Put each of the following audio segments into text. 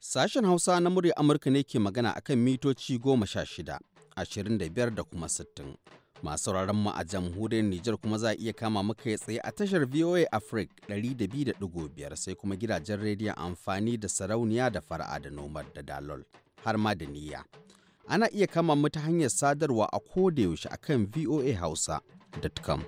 Sashen Hausa na murya Amurka ne ke magana akan mitoci goma sha shida, ashirin da da kuma sittin. Masu sauraron mu a jamhuriyar Nijar kuma za a iya kama muka tsaye a tashar VOA Africa 200.5 sai kuma gidajen rediyon amfani da sarauniya da fara'a da nomar da dalol har ma da niyya. ana iya kama mu ta hanyar sadarwa a kodayaushe a kan voahausa.com.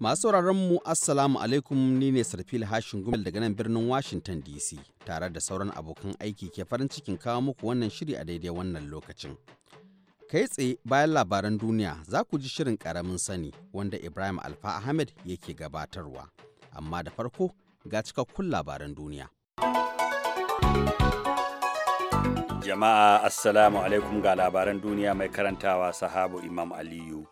Masu sauraron mu Assalamu alaikum ni ne Sarfil Hashin Gumel daga nan birnin Washington DC tare da sauran abokan aiki ke farin cikin kawo muku wannan shiri a daidai wannan lokacin. Kai tsaye bayan labaran duniya za ku ji shirin karamin sani wanda Ibrahim Alfa Ahmed yake gabatarwa. Amma da farko ga cikakkun labaran duniya. Jama'a Assalamu alaikum ga labaran duniya mai karantawa sahabu Imam Aliyu.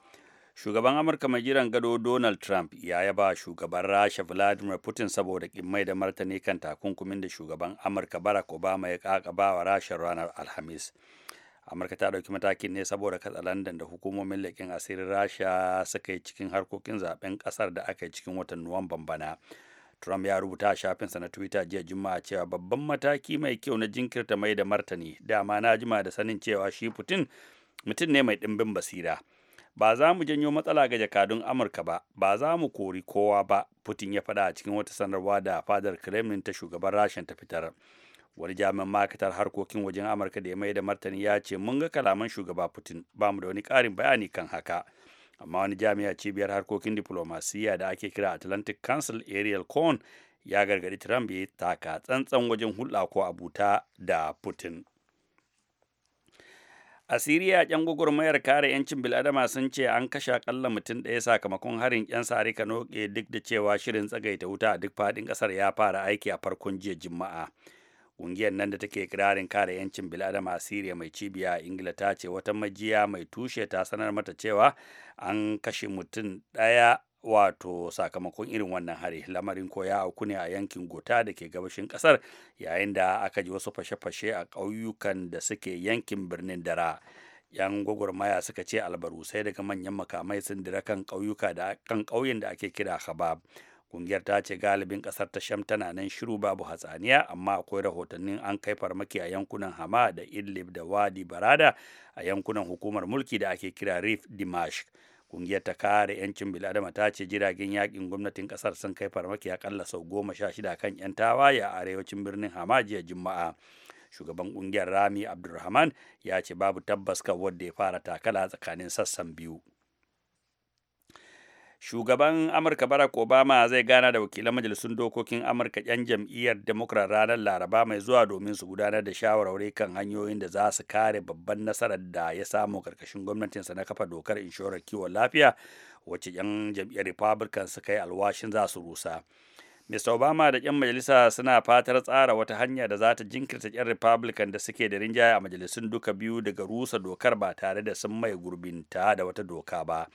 Shugaban Amurka mai jiran gado Donald Trump ya yaba shugaban Rasha Vladimir Putin saboda kimmai da martani kan takunkumin da shugaban Amurka Barack Obama ya ba wa Rasha ranar Alhamis. amurka ta ɗauki matakin ne saboda katsalandan da hukumomin leƙen asirin rasha suka yi cikin harkokin zaben ƙasar da aka yi cikin watan nuwamban bana Trump ya rubuta a shafinsa na Twitter jiya Juma'a cewa babban mataki mai kyau na jinkirta mai da martani dama na jima da sanin cewa shi Putin mutum ne mai ɗimbin basira. Ba za mu janyo matsala ga jakadun Amurka ba, ba za mu kori kowa ba, Putin ya faɗa a cikin wata sanarwa da fadar Kremlin ta shugaban Rashin ta fitar. Wani jami'in makatar harkokin wajen Amurka da ya mai da martani ya ce mun ga kalaman shugaba Putin ba mu da wani ƙarin bayani kan haka. amma wani jami'a cibiyar harkokin diplomasiya da ake kira atlantic council ariel cohn ya gargadi trump ya taka tsantsan wajen hulɗa ko abuta da putin a siriya yan gwagwarmayar kare yancin biladama sun ce an kashe akalla mutum ɗaya sakamakon harin yan sare kanoke duk da cewa shirin tsagaita wuta a duk faɗin ƙasar ya fara aiki a farkon jiya juma'a ƙungiyar nan da take kirarin kare 'yancin biladama a siriya mai cibiya a ingila ta ce wata majiya mai tushe ta sanar mata cewa an kashe mutum ɗaya wato sakamakon irin wannan hari lamarin ko ya auku ne a yankin gota da ke gabashin kasar yayin da aka ji wasu fashe-fashe a ƙauyukan da suke yankin birnin dara yan gwagwarmaya suka ce albarusai daga manyan makamai sun dira kan ƙauyuka da kan ƙauyen da ake kira habab kungiyar ta ce galibin kasar ta sham tana nan shiru babu hatsaniya amma akwai rahotannin an kai farmaki a yankunan hama da idlib da wadi barada a yankunan hukumar mulki da ake kira rif dimash kungiyar ta kare yancin biladama ta ce jiragen yakin gwamnatin kasar sun kai farmaki akalla sau goma sha shida kan yan tawaye a arewacin birnin hama jiya juma'a shugaban kungiyar rami abdulrahman ya ce babu tabbas kan wanda ya fara takala tsakanin sassan biyu shugaban amurka barack obama zai gana da wakilan majalisun dokokin amurka yan jam'iyyar democrat ranar laraba mai zuwa domin su gudanar da shawarwari kan hanyoyin da za su kare babban nasarar da ya samu karkashin gwamnatinsa na kafa dokar inshorar kiwon lafiya wacce yan jam'iyyar republican suka yi alwashin za su rusa Mr. Obama da 'yan majalisa suna fatar tsara wata hanya da za ta jinkirta 'yan Republican da suke da rinjaye a majalisun duka biyu daga rusa dokar ba tare da sun mai gurbinta da wata doka ba.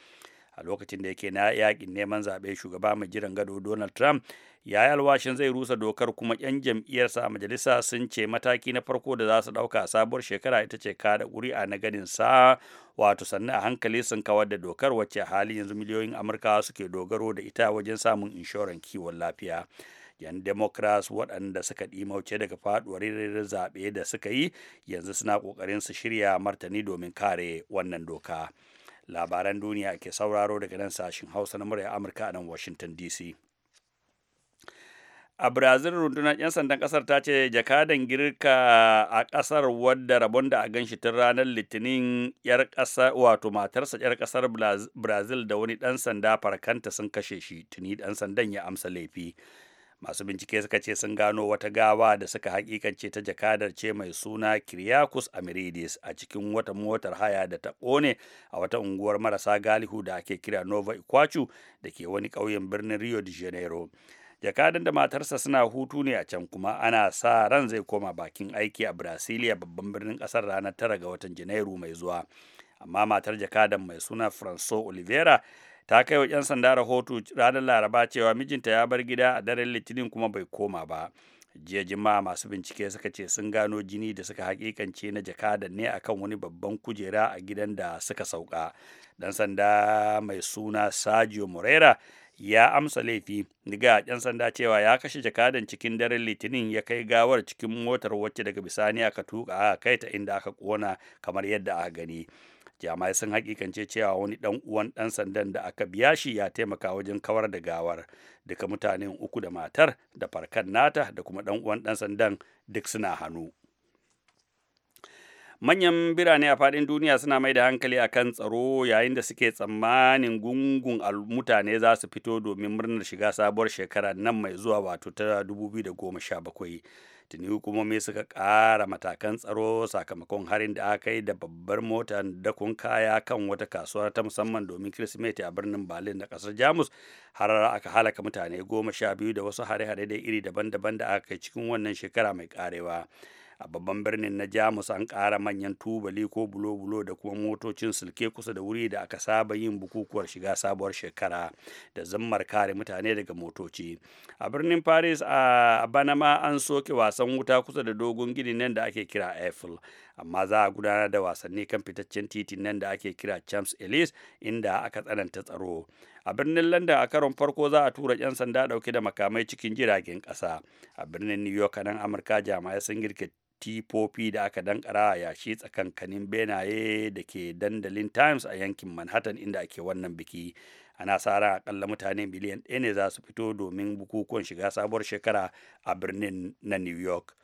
a lokacin da yake na yakin neman zaɓe shugaba mai jiran gado donald trump ya yi alwashin zai rusa dokar kuma 'yan jam'iyyarsa a majalisa sun ce mataki na farko da za su ɗauka a sabuwar shekara ita ce kada ƙuri'a na ganin sa wato sannan a hankali sun kawar da dokar wacce hali yanzu miliyoyin amurkawa suke dogaro da ita wajen samun inshoran kiwon lafiya 'yan democrats waɗanda suka ɗimauce daga faɗuwar zaɓe da suka yi yanzu suna ƙoƙarin su shirya martani domin kare wannan doka. labaran duniya ke sauraro daga nan sashen hausa na murya amurka a nan washington dc a brazil rundunar 'yan sandan kasar ta ce jakadan girka a kasar wadda rabon da a ganshi tun ranar litinin yar kasa wato matarsa yar kasar brazil da wani dan sanda farkanta sun kashe shi tuni dan sandan ya amsa laifi masu bincike suka ce sun gano wata gawa da suka hakikance ta jakadar ce mai suna kiriakus amiridis a cikin wata motar haya da ta ƙone a wata unguwar marasa galihu da ake kira nova ikwachu da ke wani ƙauyen birnin rio de janeiro jakadan da matarsa suna hutu ne a can kuma ana sa ran zai koma bakin aiki a brasilia babban birnin ƙasar ranar tara ga watan janairu mai zuwa amma matar jakadan mai suna franco olivera ta kai wa 'yan sanda rahoto ranar laraba cewa mijinta ya bar gida a daren litinin kuma bai koma ba jiya jima'a masu bincike suka ce sun gano jini da suka hakikance na jakada ne akan wani babban kujera a gidan da suka sauka dan sanda mai suna Sergio Morera ya amsa laifi daga 'yan sanda cewa ya kashe jakadan cikin daren litinin ya kai gawar cikin motar wacce daga bisani aka tuka aka kai ta inda aka kona kamar yadda aka gani jami'ai sun hakikance cewa wani dan uwan dan sandan da aka biya shi ya taimaka wajen kawar da gawar duka mutanen uku da matar da farkan nata da kuma dan uwan dan sandan duk suna hannu manyan birane a faɗin duniya suna mai da hankali a kan tsaro yayin da suke tsammanin gungun mutane za su fito domin murnar shiga sabuwar shekara nan mai zuwa wato ta 2017 tuni hukumomi suka ƙara matakan tsaro sakamakon harin da aka yi da babbar mota da kun kaya kan wata kasuwar ta musamman domin kirsimeti a birnin berlin da ƙasar jamus har aka halaka mutane goma sha biyu da wasu hare-hare da iri daban-daban da aka yi cikin wannan shekara mai karewa. a babban birnin na jamus an kara manyan tubali ko bulo-bulo da kuma motocin sulke kusa da wuri da aka saba yin bukukuwar shiga sabuwar shekara da zammar kare mutane daga motoci a birnin paris a bana ma an soke wasan wuta kusa da dogon gini nan da ake kira eiffel amma za a gudanar da wasanni kan fitaccen titin nan da ake kira champs elise inda aka tsananta tsaro a birnin london a karon farko za a tura 'yan sanda dauke da makamai cikin jiragen kasa a birnin new york nan amurka jami'ai sun girke tifofi da aka dankara a yashi tsakankanin benaye da ke dandalin times a yankin manhattan inda ake wannan biki ana sa ran akalla mutane miliyan ɗaya ne za su fito domin bukukuwan shiga sabuwar shekara a birnin na new york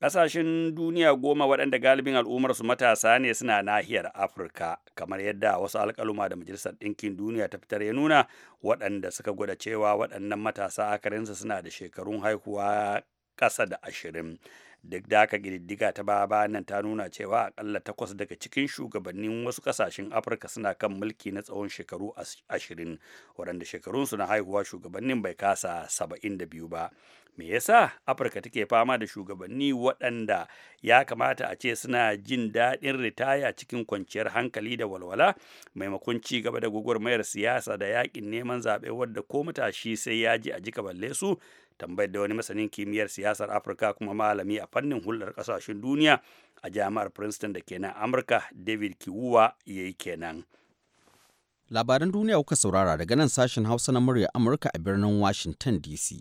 Ƙasashen duniya goma waɗanda galibin al'ummarsu matasa ne suna nahiyar Afirka, kamar yadda wasu alƙaluma da Majalisar Ɗinkin Duniya ta fitar ya nuna waɗanda suka gwada cewa waɗannan matasa akarinsa suna da shekarun haihuwa ƙasa da ashirin duk da aka ƙididdiga ta baya nan ta nuna cewa akalla takwas daga cikin shugabannin wasu ƙasashen afirka suna kan mulki na tsawon shekaru ashirin waɗanda shekarunsu na haihuwa shugabannin bai kasa saba'in da biyu ba me yasa afirka take fama da shugabanni waɗanda ya kamata a ce suna jin daɗin ritaya cikin kwanciyar hankali da walwala maimakon ci gaba da gwagwarmayar siyasa da yaƙin neman zaɓe wadda ko matashi sai ya ji a jika balle su tambayar da wani masanin kimiyyar siyasar afirka kuma malami a fannin hulɗar ƙasashen duniya a jami'ar princeton da kenan amurka david kiwuwa ya yi kenan labaran duniya kuka saurara daga nan sashen hausa na murya amurka a birnin washington dc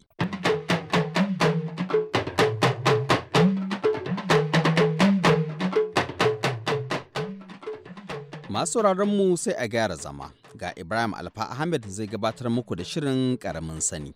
masu mu sai a gyara zama ga ibrahim alfa ahmed zai gabatar muku da shirin karamin sani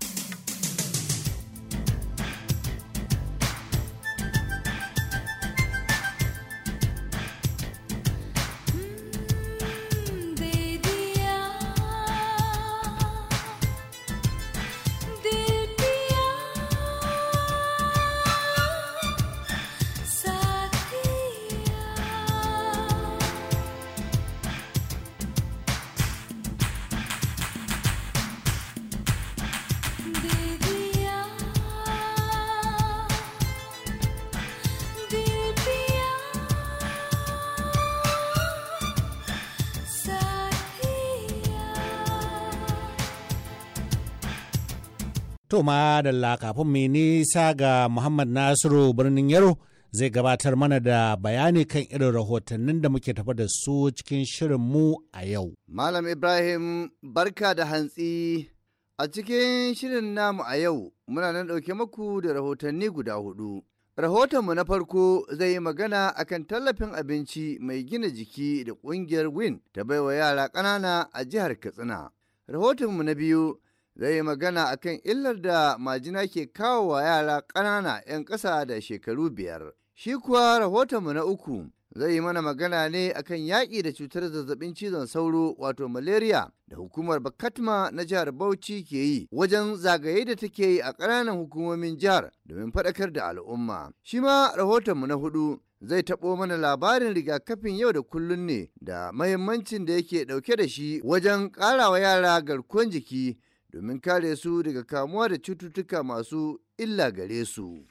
To ma da kafin mai nisa ga Muhammad Nasiru birnin Yaro zai gabatar mana da bayani kan irin rahotannin da muke tafa da su cikin mu a yau. Malam Ibrahim barka da hantsi a cikin shirin namu a yau muna nan ɗauke maku da rahotanni guda hudu. Rahotonmu na farko zai yi magana akan tallafin abinci mai gina jiki da ƙungiyar WIN ta baiwa yara ƙanana a jihar Katsina. Rahotonmu na biyu zai yi magana a kan illar da majina ke kawo wa yara ƙanana 'yan ƙasa da shekaru biyar. Shi kuwa rahotonmu na uku zai yi mana magana ne akan yaƙi da cutar zazzabin cizon sauro wato malaria da hukumar Bakatma na jihar Bauchi ke yi wajen zagaye da take yi a ƙananan hukumomin jihar domin faɗakar da al'umma. Shi ma rahotonmu na hudu zai taɓo mana labarin rigakafin yau da kullun ne da mahimmancin da yake ɗauke da shi wajen ƙarawa yara garkuwar jiki domin kare su daga kamuwa da cututtuka masu illa gare su.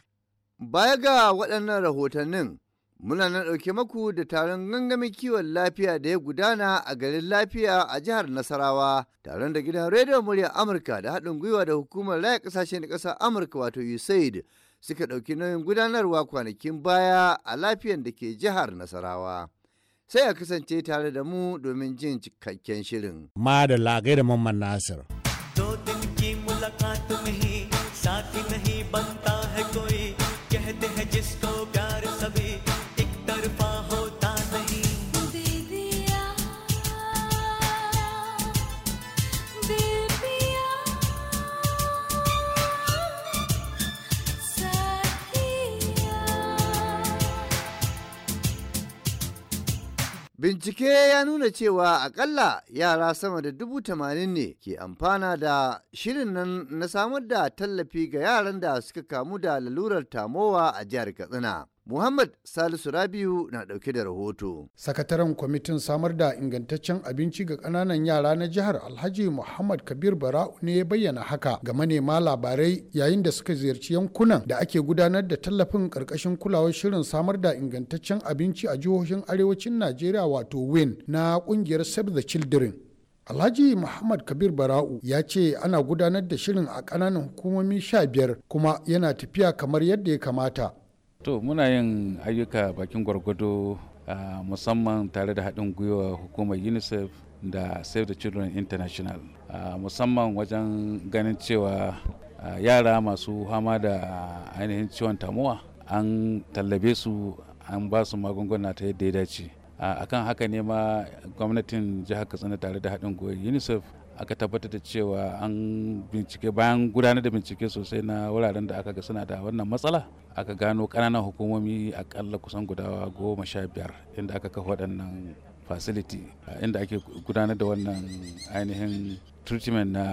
Baya ga waɗannan rahotannin, muna nan ɗauke maku da taron gangamin kiwon lafiya da ya gudana a garin lafiya a jihar Nasarawa, taron da gidan rediyon murya Amurka da haɗin gwiwa da hukumar laya ƙasashen ƙasar Amurka wato USAID suka ɗauki nauyin gudanarwa kwanakin baya a lafiyan da ke jihar Nasarawa. Sai a kasance tare da mu domin jin cikakken shirin. Ma da da Mamman Nasir. दो दिन की मुलाकात में ही Bincike ya nuna cewa akalla yara sama da dubu tamanin ne ke amfana da shirin nan na samar da tallafi ga yaran da suka kamu da lalurar tamowa a jihar Katsina. Muhammad Salisu Rabiu na ɗauke da rahoto. Sakataren kwamitin samar da ingantaccen abinci ga ƙananan yara na jihar Alhaji Muhammad Kabir Bara'u ne ya bayyana haka ga manema labarai yayin da suka ziyarci yankunan da ake gudanar da tallafin ƙarƙashin kulawar shirin samar da ingantaccen abinci a jihohin arewacin Najeriya wato WIN na ƙungiyar Save the Children. Alhaji Muhammad Kabir Bara'u ya ce ana gudanar da shirin a ƙananan hukumomi sha biyar kuma yana tafiya kamar yadda ya kamata. To muna yin ayyuka bakin gwargwado ah, musamman tare da haɗin gwiwa hukumar UNICEF da Save the Children International ah, musamman wajen ganin cewa ah, yara masu hama da ainihin ciwon tamuwa an tallabe su an ba su magunguna ta yadda ya dace. a kan haka ne ma gwamnatin jihar Katsina tare da haɗin gwiwa UNICEF aka tabbatar da cewa an bincike bayan gudanar da bincike sosai na wuraren da aka ga suna da wannan matsala aka gano ƙananan hukumomi akalla kusan guda goma sha biyar inda aka kafa waɗannan facility inda ake gudanar da wannan ainihin treatment na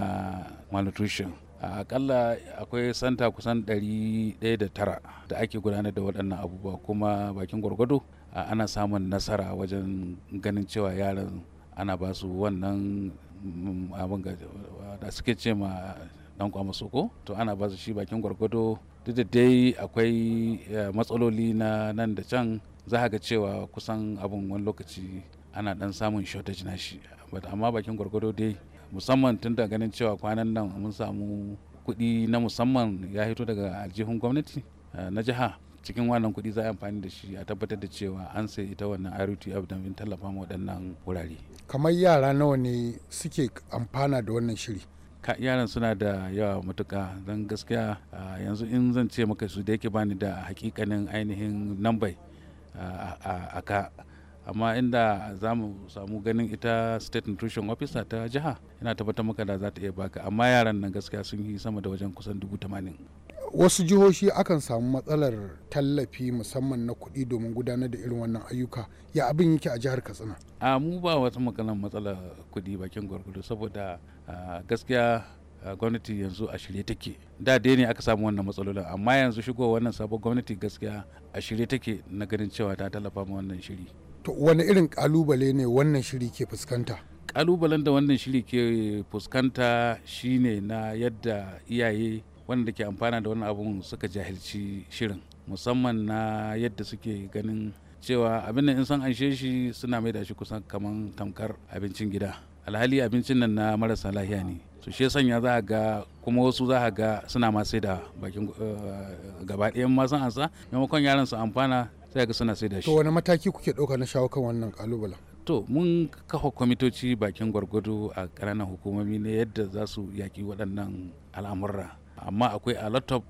malnutrition a akalla akwai santa kusan ɗari 109 da tara da ake gudanar da waɗannan abubuwa kuma bakin gwargwado ana samun nasara wajen ganin cewa yaran ana ba su wannan mm, abin da suke ce ma dan kwamasoko to ana ba su shi bakin gwargwado duk da dai akwai eh, matsaloli na nan da can za ga cewa kusan abun wani lokaci ana dan samun shortage na shi amma bakin gwargwado dai musamman tun da ganin cewa kwanan nan mun samu kuɗi na musamman ya hito daga aljihun gwamnati eh, na jiha cikin wannan kuɗi za a amfani da shi a tabbatar da cewa an sai ita wannan rutf don tallafa ma waɗannan wurare kamar yara nawa ne suke amfana da wannan shiri yaran suna da yawa matuka don gaskiya yanzu in zan ce maka su da yake bani da hakikanin ainihin nambai a ka amma inda za mu samu ganin ita state nutrition officer ta jiha yana tabbatar maka da za ta iya baka amma yaran nan gaskiya sun yi sama da wajen kusan dubu tamanin wasu jihohi akan samu matsalar tallafi musamman na kuɗi domin gudanar da irin wannan ayyuka ya abin yake a jihar katsina a mu ba wata maganar matsalar kuɗi bakin gwargwado saboda gaskiya gwamnati yanzu a shirye take da dai ne aka samu wannan matsalolin amma yanzu shigo wannan sabon gwamnati gaskiya a shirye take na ganin cewa ta tallafa ma wannan shiri to wani irin kalubale ne wannan shiri ke fuskanta kalubalen da wannan shiri ke fuskanta shine na yadda iyaye wanda ke amfana da wannan abun suka jahilci shirin musamman na yadda suke ganin cewa abin nan in san an shi suna mai da shi kusan kaman tamkar abincin gida alhali abincin nan na marasa lahiya ne su shi sanya za a ga kuma wasu za a ga suna ma sai da bakin eh, gaba ɗayan ma san ansa maimakon yaran su amfana sai ga suna sai da shi to wani mataki kuke ɗauka na shawo kan wannan kalubalen to mun kafa kwamitoci bakin gwargwado a ƙananan hukumomi ne yadda za su yaƙi waɗannan al'amurra amma akwai a lot of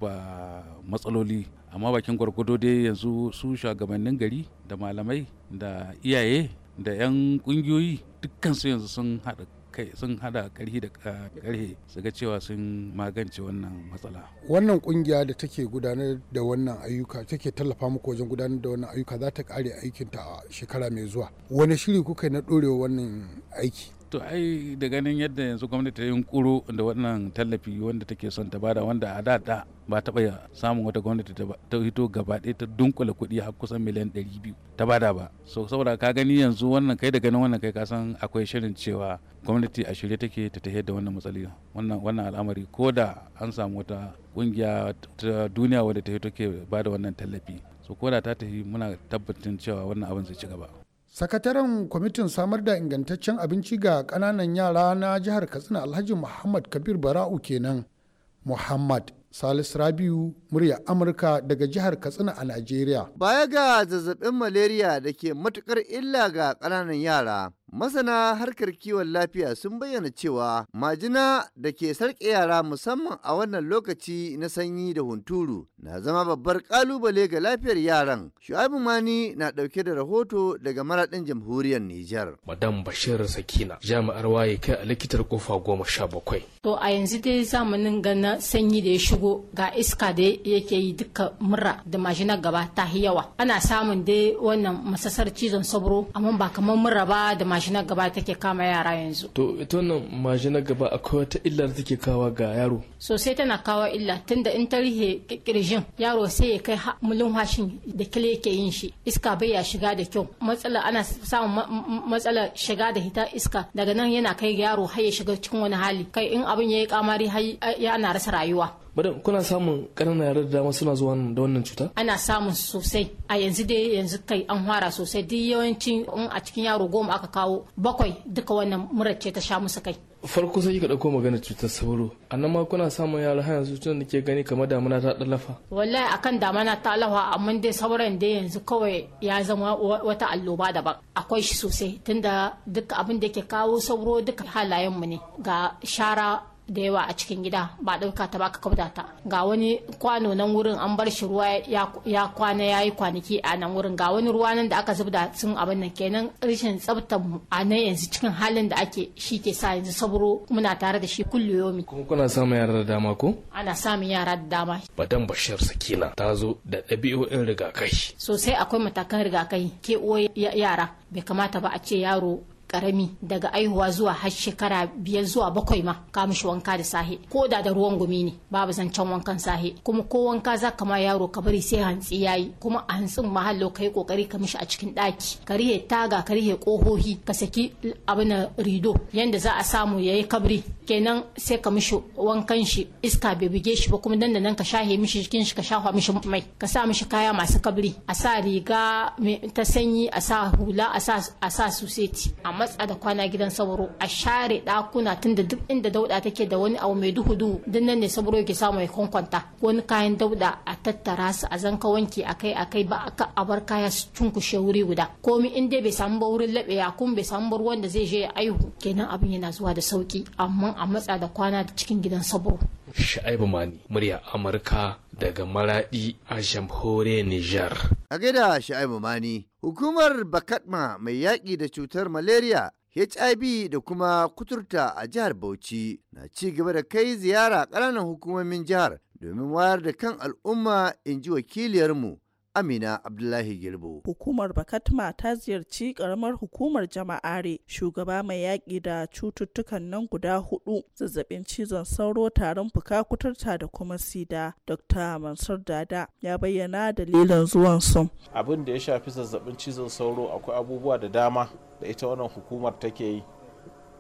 matsaloli amma bakin gwargwado dai yanzu su shugabannin gari da malamai da iyaye da 'yan kungiyoyi dukkansu yanzu sun haɗa kai sun hada karhi da karhe su ga cewa sun magance wannan matsala wannan kungiya da take gudanar da wannan ayyuka take tallafa muku wajen gudanar da wannan ayyuka za ta kare aikinta a shekara mai zuwa wani shiri kuka na ɗorewa wannan aiki to ai da ganin yadda yanzu gwamnati ta yunkuro da wannan tallafi wanda take son ta bada wanda a da ba taɓa samun wata gwamnati ta hito gaba ɗaya ta dunkula kuɗi har kusan miliyan ɗari biyu ta bada ba so saboda ka gani yanzu wannan kai da ganin wannan kai ka san akwai shirin cewa gwamnati a shirye take ta tahiyar da wannan matsali wannan wannan al'amari ko da an samu wata kungiya ta duniya wadda ta hito ke bada wannan tallafi so ko da ta tafi muna tabbatin cewa wannan abin zai ci gaba sakataren kwamitin samar da ingantaccen abinci ga kananan yara na jihar katsina alhaji muhammad kabir bara'u kenan muhammad salis rabiu murya amurka daga jihar katsina a najeriya baya ga zazzabin malaria da ke matukar illa ga kananan yara Masana harkar kiwon lafiya sun bayyana cewa majina da ke sarƙe yara musamman a wannan lokaci na sanyi da hunturu na zama babbar ƙalubale ga lafiyar yaran. Shu'abu Mani na ɗauke da rahoto daga maraɗin jamhuriyar Nijar. Madam Bashir Sakina jami'ar waye kai a likitar kofa goma sha bakwai. To a yanzu dai zamanin gana sanyi da ya shigo ga iska da yake yi duka mura da majina gaba ta yawa. Ana samun dai wannan masasar cizon sabro amma ba kamar mura ba da mashinar gaba take kama yara yanzu to ita wannan mashinar gaba akwai wata illa da take kawa ga yaro sosai tana kawo illa tunda in ta rihe kirjin yaro sai ya kai hashin da kile yake yin shi iska bai ya shiga da kyau matsala ana samun matsala shiga da hita iska daga nan yana kai yaro har ya shiga cikin wani hali kai in abin ya yi kamari har ya na rasa rayuwa Madam kuna samun ƙananan yara da dama suna zuwa da wannan cuta? Ana samun sosai a yanzu dai yanzu kai an fara sosai duk yawancin in a cikin yaro goma aka kawo bakwai duka wannan murar ce ta sha musu kai. farko sai ka dauko magana cutar sauro annan ma kuna samun yara har yanzu tun da ke gani kamar damana ta dalafa wallahi akan damana ta a amma dai sauran da yanzu kawai ya zama wata alloba daban akwai shi sosai tunda duk abin da ke kawo sauro duka halayen mu ne ga shara da yawa a cikin gida ba ɗauka ta baka ka kauda ta ga wani kwano nan wurin an bar shi ruwa ya kwana ya yi kwanaki a nan wurin ga wani ruwa nan da aka zubda sun abin nan kenan rashin tsabtar mu a nan yanzu cikin halin da ake shi ke sa yanzu saburo muna tare da shi kullu yomi. kuma kuna samun yara da dama ko. ana samun yara da dama. badan bashir sakina ta zo da ɗabi'o'in rigakai. sosai akwai matakan rigakai ke uwa yara bai kamata ba a ce yaro karami daga aihuwa zuwa har shekara biyar zuwa bakwai ma ka mishi wanka da sahe ko da da ruwan gumi ne babu zancen wankan sahe kuma ko wanka za ka ma yaro ka bari sai hantsi yi kuma a hantsin mahallo yi kokari ka mishi a cikin ɗaki ka rihe taga ka rihe kohohi ka saki abin rido yanda za a samu yayi kabri kenan sai ka mishi wankan shi iska bai buge shi ba kuma dan da nan ka shahe mishi jikin shi ka shafa mishi mai ka sa mishi kaya masu kabri a sa riga ta sanyi a sa hula a sa a sa matsa da kwana gidan sauro a share dakuna tunda duk inda dauda take da wani abu mai duhu duhu duk nan ne sauro ke samu ya kwankwanta wani kayan dauda a tattara su a zanka wanki akai akai ba aka abar kaya su cunkushe wuri guda komi in dai bai samu ba wurin ya kun bai samu ba wanda zai je ya aihu kenan abin yana zuwa da sauki amma a matsa da kwana cikin gidan sauro Sha'ibu Mani murya Amurka daga Maraɗi a Shamhore Nijar. A gaida Sha'ibu Mani, hukumar Bakatma mai yaƙi da cutar malaria HIV da kuma kuturta a jihar Bauchi na ci gaba da kai ziyara ƙananan hukumomin jihar domin wayar da kan al'umma in ji wakiliyarmu Amina Abdullahi Girbo. Hukumar Bakatma ta ziyarci karamar hukumar jama'are shugaba mai yaƙi da cututtukan nan guda hudu zazzabin cizon sauro taron fuka kuturta da kuma sida Dr. Mansur Dada ya bayyana dalilan zuwan su. Abin da ya shafi zazzabin cizon sauro akwai abubuwa da dama da ita wannan hukumar take yi.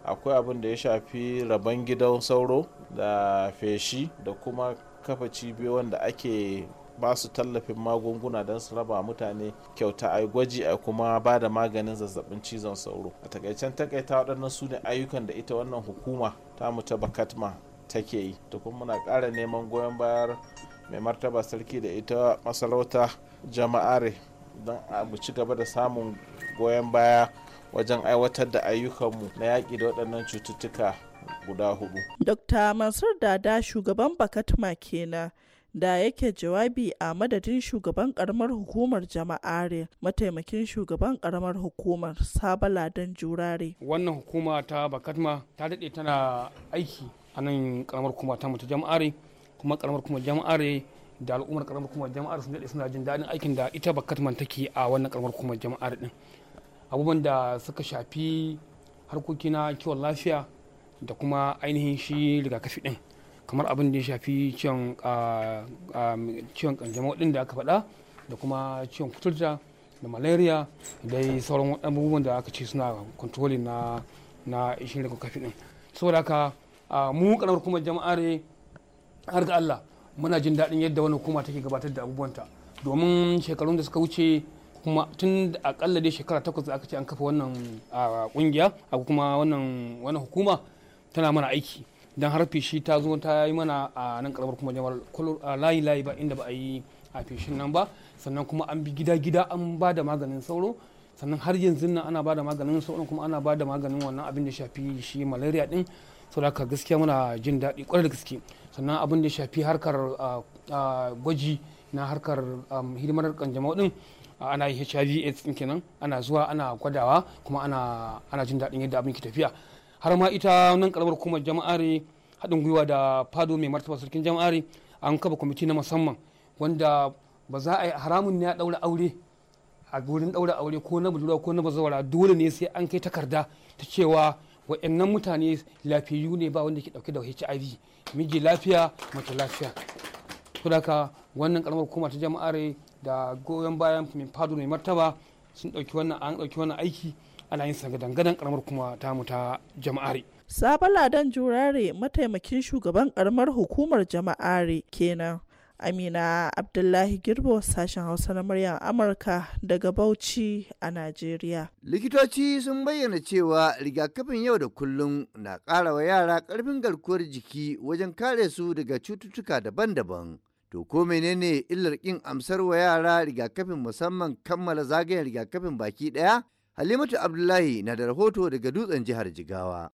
Akwai abin da ya shafi rabon gidan sauro da feshi da kuma kafa cibiyoyin da ake ba su tallafin magunguna don su raba mutane kyauta a gwaji a kuma ba da maganin zazzabin cizon sauro a takaicen takaita waɗannan su ne ayyukan da ita wannan hukuma tamu ta bakatma take yi to kuma muna ƙara neman goyon bayar mai martaba sarki da ita masarauta jama'are don abu ci gaba da samun goyon baya wajen aiwatar da ayyukanmu na yaki da waɗannan cututtuka guda hudu. Dr. Mansur Dada shugaban Bakatma kenan da yake jawabi a madadin shugaban karamar hukumar jama'are mataimakin shugaban karamar hukumar sabala don jurare wannan hukuma ta bakatma ta daɗe tana aiki a nan karamar hukuma ta mutu jama'are kuma karamar hukumar jama'are da al'ummar karamar hukumar jama'ar sun daɗe suna jin daɗin aikin da ita bakatman take a wannan karamar hukumar jama'ar din abubuwan da suka shafi harkoki na kiwon lafiya da kuma ainihin shi rigakafi din kamar abin da ya shafi ciwon kanjamau din da aka faɗa da kuma ciwon kuturta da malaria da sauran abubuwan da aka ce suna kontroli na na ishin kafin din saboda haka mu karamar kuma jama'are har ga Allah muna jin daɗin yadda wani hukuma take gabatar da abubuwanta domin shekarun da suka wuce kuma tun da akalla dai shekara takwas da aka ce an kafa wannan kungiya a kuma wannan hukuma tana mana aiki dan har fishi ta zo ta yi mana a nan karamar kuma jamar layi layi ba inda ba a yi a feshin nan ba sannan kuma an bi gida gida an ba da maganin sauro sannan har yanzu nan ana ba da maganin sauro kuma ana ba da maganin wannan abin da shafi shi malaria din saboda gaskiya muna jin daɗi kwarai da gaske sannan abin da shafi harkar gwaji na harkar um, hidimar kanjamau din ana hiv aids kenan ana zuwa ana gwadawa kuma ana jin daɗin yadda abin ke tafiya har ma ita nan karamar hukumar jama'are haɗin gwiwa da fado mai martaba sarkin jama'are an kafa kwamiti na musamman wanda ba za a yi haramun ne a ɗaura aure a gurin ɗaura aure ko na budurwa ko na bazawara dole ne sai an kai takarda ta cewa wa'annan mutane lafiyu ne ba wanda ke ɗauke da hiv miji lafiya mace lafiya saboda wannan karamar hukuma ta jama'are da goyon bayan fado mai martaba sun ɗauki wannan an ɗauki wannan aiki ana yin sa gadan karamar kuma ta ta jama'are sabaladan jurare mataimakin shugaban karamar hukumar jama'are kenan amina abdullahi girbo sashen hausa na muryar amurka daga bauchi a najeriya likitoci sun bayyana cewa rigakafin yau da kullum na ƙara wa yara ƙarfin garkuwar jiki wajen kare su daga cututtuka daban-daban to ko menene illar ƙin amsar wa yara rigakafin musamman kammala zagayen rigakafin baki ɗaya Halimatu Abdullahi na da rahoto daga dutsen jihar Jigawa.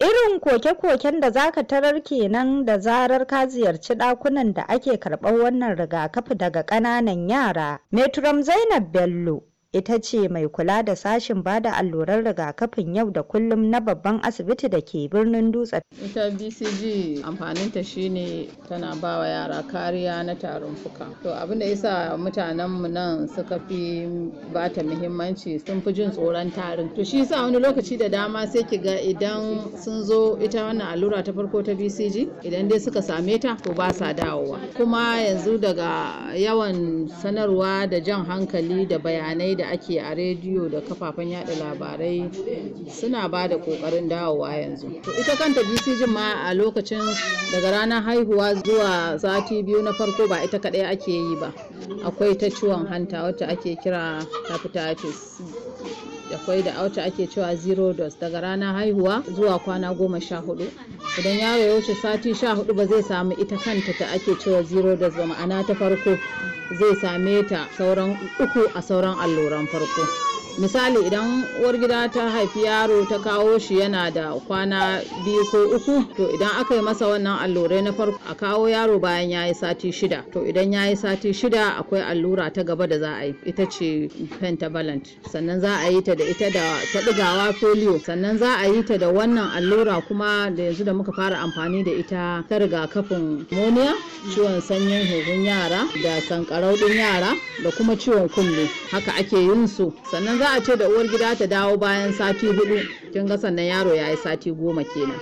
Irin koke-koken da zaka tarar kenan da zarar ka ziyarci dakunan da ake karɓar wannan rigakafi daga ƙananan yara. Metrom Zainab Bello ita ce mai kula da sashin bada allurar rigakafin yau da kullum na babban asibiti da ke birnin dutse ita bcg amfaninta shine tana ba wa yara kariya na tarin fuka to abin da yasa mutanenmu nan suka fi ba ta muhimmanci sun fi jin tsoron tarin to shi yasa wani lokaci da dama sai ki ga idan sun zo ita wannan allura ta farko ta bcg idan dai suka same ta to ba sa dawowa kuma yanzu daga yawan sanarwa da jan hankali da bayanai da ake a rediyo da kafafen yada labarai suna ba da kokarin dawowa yanzu to ita kanta bcg ma a lokacin daga ranar haihuwa zuwa sati biyu na farko ba ita kadai ake yi ba akwai ta ciwon hanta wacce ake kira hepatitis akwai da auta ake cewa zero dose daga rana haihuwa zuwa kwana goma sha hudu idan yaro ya wuce sati sha hudu ba zai samu ita kanta ta ake cewa zero dose ba ma'ana ta farko zai same ta sauran uku a sauran alluran farko misali idan uwar gida ta haifi yaro ta kawo shi yana da kwana biyu ko uku to idan aka yi masa wannan allurai na farko a kawo yaro bayan ya yi sati shida to idan ya yi sati shida akwai allura ta gaba da za a yi ita ce pentavalent sannan za a yi ta da ita da ta ɗigawa polio sannan za a yi ta da wannan allura kuma da yanzu da muka fara amfani da ita ta rigakafin moniya ciwon sanyin huhun yara da sankarau ɗin yara da kuma ciwon kunne haka ake yin su sannan za za a ce da uwar gida ta dawo bayan sati hudu kin ga sannan yaro ya yi sati goma kenan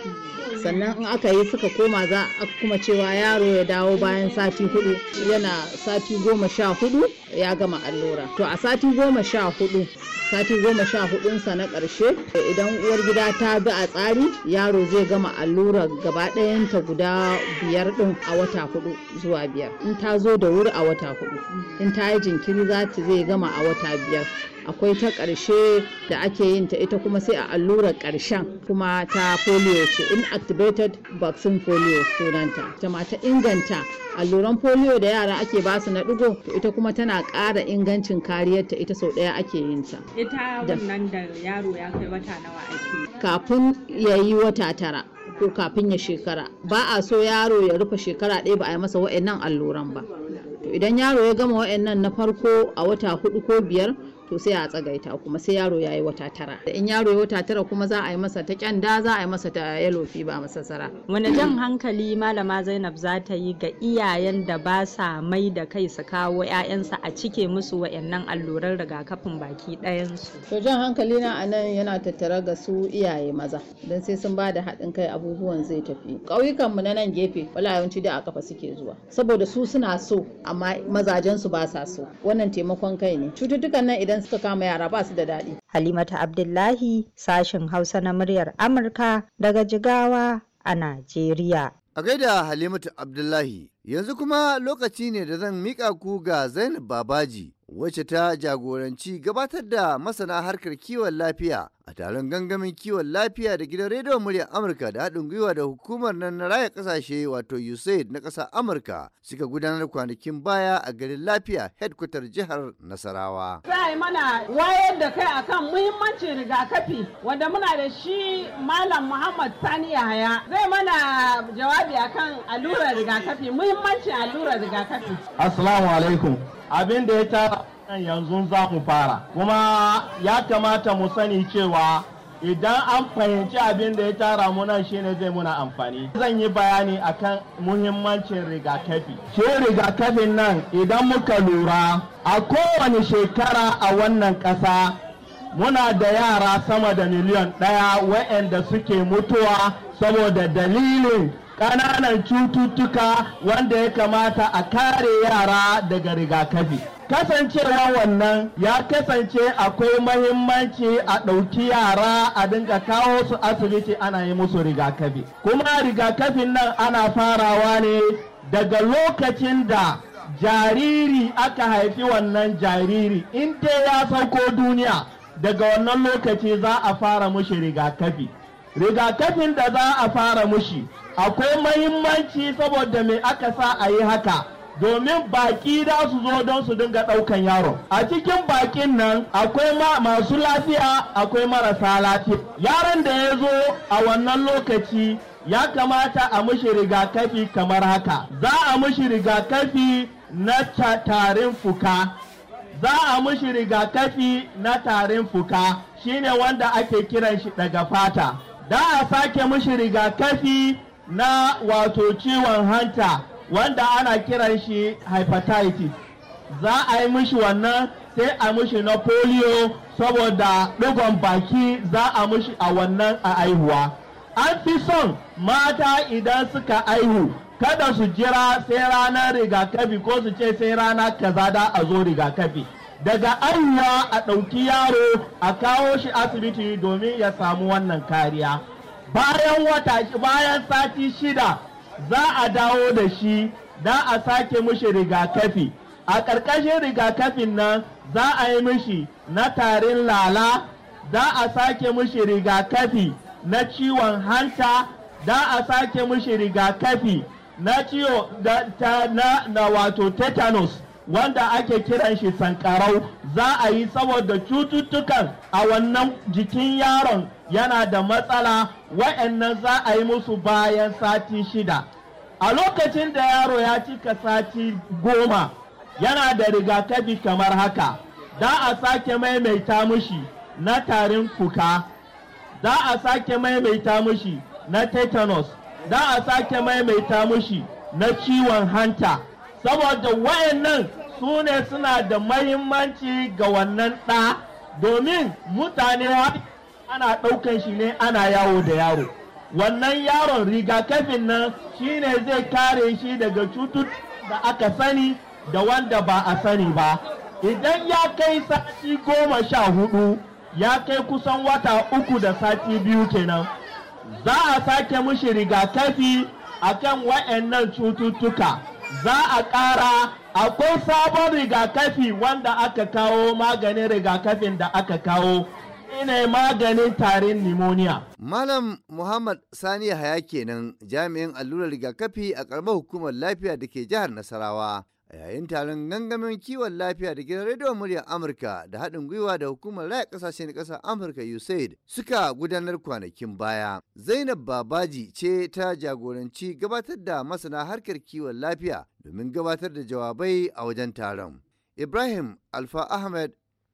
sannan in aka yi suka koma za a kuma cewa yaro ya dawo bayan sati hudu yana sati goma sha hudu ya gama allura to a sati goma sha hudu sati goma sha hudunsa na karshe idan uwar gida ta bi a tsari yaro zai gama allura gaba dayanta guda biyar din a wata hudu zuwa biyar in ta zo da wuri a wata hudu in ta yi jinkiri za ta zai gama a wata biyar akwai ta ƙarshe da ake yin ta ita kuma sai a allurar ƙarshen kuma ta polio ce inactivated vaccine polio sunanta ta ta inganta alluran polio da yara ake ba su na digo to ita kuma tana ƙara ingancin kariyarta ita sau ɗaya ake yin ta ita wannan da yaro ya kai wata nawa ake kafin ya yi wata tara ko kafin ya shekara ba a so yaro ya rufe shekara ɗaya ba a yi masa wa'annan alluran ba to idan yaro ya gama wa'annan na farko a wata hudu ko biyar to sai a tsagaita kuma sai yaro ya yi wata tara da in yaro ya wata tara kuma za a yi masa ta kyanda za a yi masa ta yellow fever masasara. wani jan hankali malama zainab za ta yi ga iyayen da ba sa mai da kai su kawo 'ya'yansa a cike musu wa'annan alluran rigakafin baki ɗayansu to jan hankali na a nan yana tattara ga su iyaye maza don sai sun ba da haɗin kai abubuwan zai tafi mu na nan gefe wala yawanci da a kafa suke zuwa saboda su suna so amma mazajensu ba sa so wannan taimakon kai ne cututtukan nan idan idan suka kama yara ba su da daɗi. Halimata Abdullahi sashen Hausa na muryar Amurka daga Jigawa a Najeriya. A gaida Halimatu Abdullahi, yanzu kuma lokaci ne da zan mika ku ga Zainab Babaji, wacce ta jagoranci gabatar da masana harkar kiwon lafiya a taron gangamin kiwon lafiya da gidan rediyon muryar amurka da haɗin gwiwa da hukumar nan na raya ƙasashe wato usaid na ƙasar amurka suka gudanar kwanakin baya a garin lafiya headquarter jihar nasarawa za mana wayar da kai akan muhimmancin rigakafi wanda muna da shi malam muhammad sani yahaya zai mana jawabi akan allurar rigakafi muhimmancin allurar rigakafi assalamu alaikum abin da ya tara yanzu za ku fara kuma ya kamata mu sani cewa idan an fahimci abin da ya tara mu nan shine zai muna amfani zan yi bayani akan muhimmancin rigakafi shi rigakafin nan idan muka lura a kowane shekara a wannan ƙasa muna da yara sama da miliyan ɗaya waɗanda suke mutuwa saboda dalilin ƙananan cututtuka wanda ya kamata a kare yara daga rigakafi kasancewa wannan ya kasance akwai mahimmanci a ɗauki yara a dinga kawo su asibiti ana yi musu rigakafi kuma rigakafin nan ana farawa ne daga lokacin da jariri aka haifi wannan jariri in dai ya sauko duniya daga wannan lokaci za a fara mushi rigakafi rigakafin da za a fara mushi akwai mahimmanci saboda mai aka sa a yi haka domin baƙi da su zo don su dinga ɗaukan yaron. A cikin baƙin nan akwai masu lafiya akwai marasa lafiya. Yaron da ya zo a wannan lokaci ya kamata a mushi rigakafi kamar haka. Za a mushi rigakafi na tarin fuka. Za a mushi rigakafi na tarin fuka shine wanda ake kiran shi daga fata. Da a sake mushi rigakafi na wato ciwon hanta. wanda ana kiran shi hepatitis za a yi mishi wannan sai a mishi na polio saboda ɗigon baki za a mishi a wannan a aihuwa an fi son mata idan suka aihu kada su jira sai ranar rigakafi ko su ce sai rana kaza da a zo rigakafi daga aihuwa a ɗauki yaro a kawo shi asibiti domin ya samu wannan kariya bayan wata bayan sati shida za a dawo da shi da a sake mushi rigakafi a ƙarƙashin rigakafin nan za a yi mushi na tarin lala za a sake mushi rigakafi na ciwon hanta da a sake mushi rigakafi na ciwo na wato tetanus wanda ake kiran shi sankarau za a yi saboda cututtukan a wannan jikin yaron yana da matsala wa'annan za a yi musu bayan sati shida a lokacin da yaro ya cika sati goma yana da rigakafi kamar haka da a sake maimaita mushi na tarin kuka da a sake maimaita mushi na tetanus da a sake maimaita mushi na ciwon hanta saboda wayannan su ne suna da mahimmanci ga wannan ɗa domin mutane ana ɗaukan shi ne ana yawo da yaro wannan yaron rigakafin nan shine zai kare shi daga cutut da aka sani da wanda ba a sani ba idan ya kai sati goma sha hudu ya kai kusan wata uku da sati biyu kenan za a sake mushi rigakafi kan wa'annan cututtuka za a ƙara akwai sabon rigakafi wanda aka kawo maganin rigakafin da aka kawo ne maganin tarin pneumonia. Malam Muhammad Sani Haya kenan jami'in allurar rigakafi a karamar hukumar lafiya da ke jihar Nasarawa. A yayin taron gangamin kiwon lafiya da gidan rediyon muryar Amurka da haɗin gwiwa da hukumar raya ƙasashen ƙasar Amurka USAID suka gudanar kwanakin baya. Zainab Babaji ce ta jagoranci gabatar da masana harkar kiwon lafiya domin gabatar da jawabai a wajen taron. Ibrahim Alfa Ahmed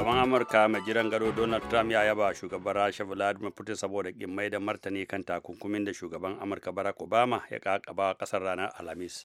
shugaban amurka mai jiran gado donald trump ya yaba shugaban rasha vladimir putin saboda kimai da martani kan takunkumin da shugaban amurka barack obama ya kakaba kasar ranar alhamis